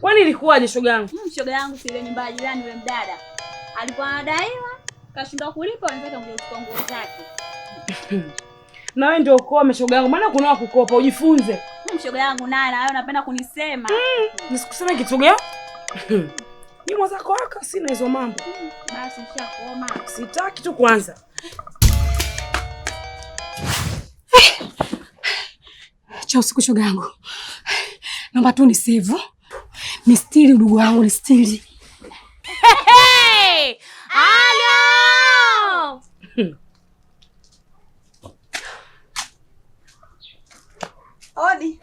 Kwani ilikuwaje shoga yangu? Mm, shoga yangu si ile nyumba ya jirani yule mdada. Alikuwa anadaiwa, kashindwa kulipa wenzake mje kuchukua nguo zake. Na wewe ndio ukome shoga yangu, maana kuna kukopa ujifunze. Mm, shoga yangu nana, wewe unapenda kunisema. Mm, nisikuseme kitu gani? Ni mwazako wako sina hizo mambo. Mm, basi nishakoma. Sitaki tu kwanza. Cha usiku shoga yangu. Namba tu ni save ni stili udugu wangu ni stili. Odi.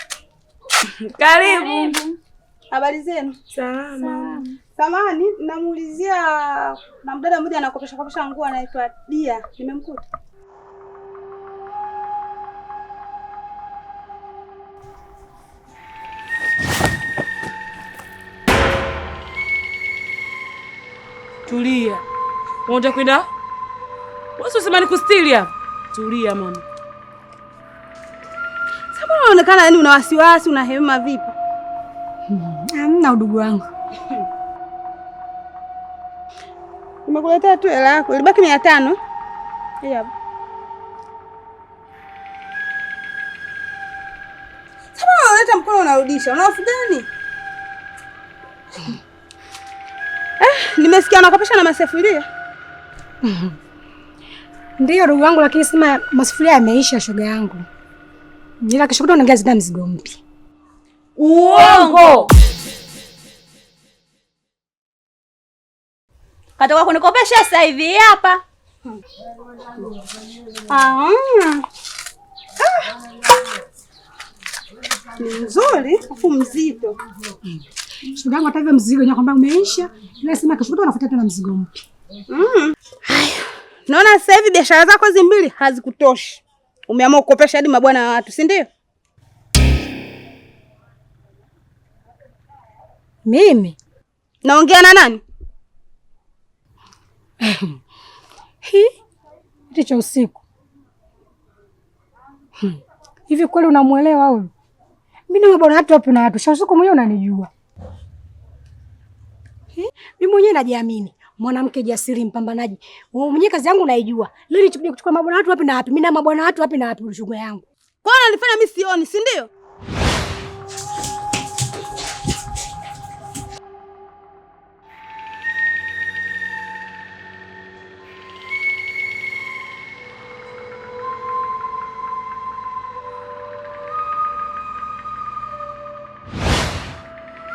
Karibu. Habari zenu? Salama. Samani, namuulizia na mdada mmoja anakopesha kopesha nguo anaitwa Dia. Nimemkuta. Tulia. Unataka kwenda? Wewe usema nikustiri hapa. Tulia mama. Sasa unaonekana yani una wasiwasi, una hema vipi? Hamna udugu wangu. Nimekuletea tu hela yako. Ilibaki 500. Hii hapa. Sasa unaleta mkono unarudisha. Unaofu gani? Nimesikia anakopesha na masufuria. Ndiyo ndugu wangu, lakini sema masufuria yameisha, shoga yangu. Jila kesho kutwa zina mzigo mpya. Uongo. Katoka kunikopesha sasa hivi hapa. Ah. Ah. ah, ah. Nzuri, afu mzito shoga yangu, hata hivyo mzigo nyako kwamba umeisha, ila sema kesho tu anafuta tena mzigo mpya. Mm. Haya. Naona sasa hivi biashara zako hizi mbili hazikutoshi. Umeamua kukopesha hadi mabwana wa watu, si ndio? Mimi naongea na nani? Kiti cha usiku hmm. hivi, kweli unamwelewa huyu? Mimi na mabwana watu wapi? Na watu sha usiku mwenyewe unanijua mimi mwenyewe najiamini, mwanamke jasiri, mpambanaji. Mwenye kazi yangu naijua. lili nitakuja kuchukua mabwana watu wapi na wapi? Mimi na mabwana watu wapi na wapi shughuli yangu. Kwa nini alifanya mimi sioni, si ndio?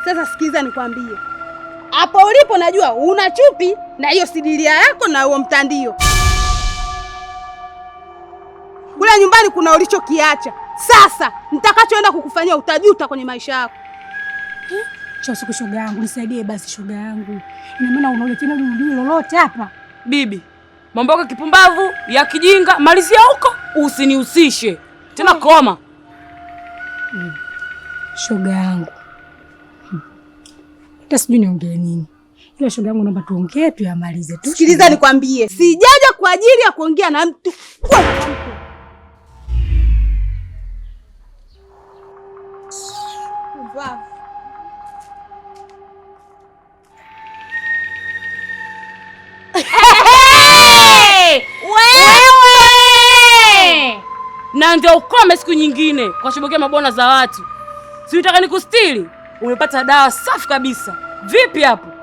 Sasa sikiza nikwambie hapo ulipo najua una chupi na hiyo sidilia yako na huo mtandio kule nyumbani kuna ulichokiacha. Sasa nitakachoenda kukufanyia utajuta kwenye maisha yako. Chosiku, shoga yangu nisaidie basi, shoga yangu. Ina maana unaona tena ndio lolote hapa bibi, mambo yako kipumbavu ya kijinga, malizia huko, usinihusishe tena, oh. koma. Shoga yangu hata sijui niongee nini. Ila shoga yangu, naomba tuongee yamalize tu. Sikiliza nikwambie, sijaja kwa ajili ya kuongea na mtu. na ndio ukome siku nyingine kwa shobokea mabwana za watu, siutaka nikustiri umepata dawa safi kabisa. Vipi hapo?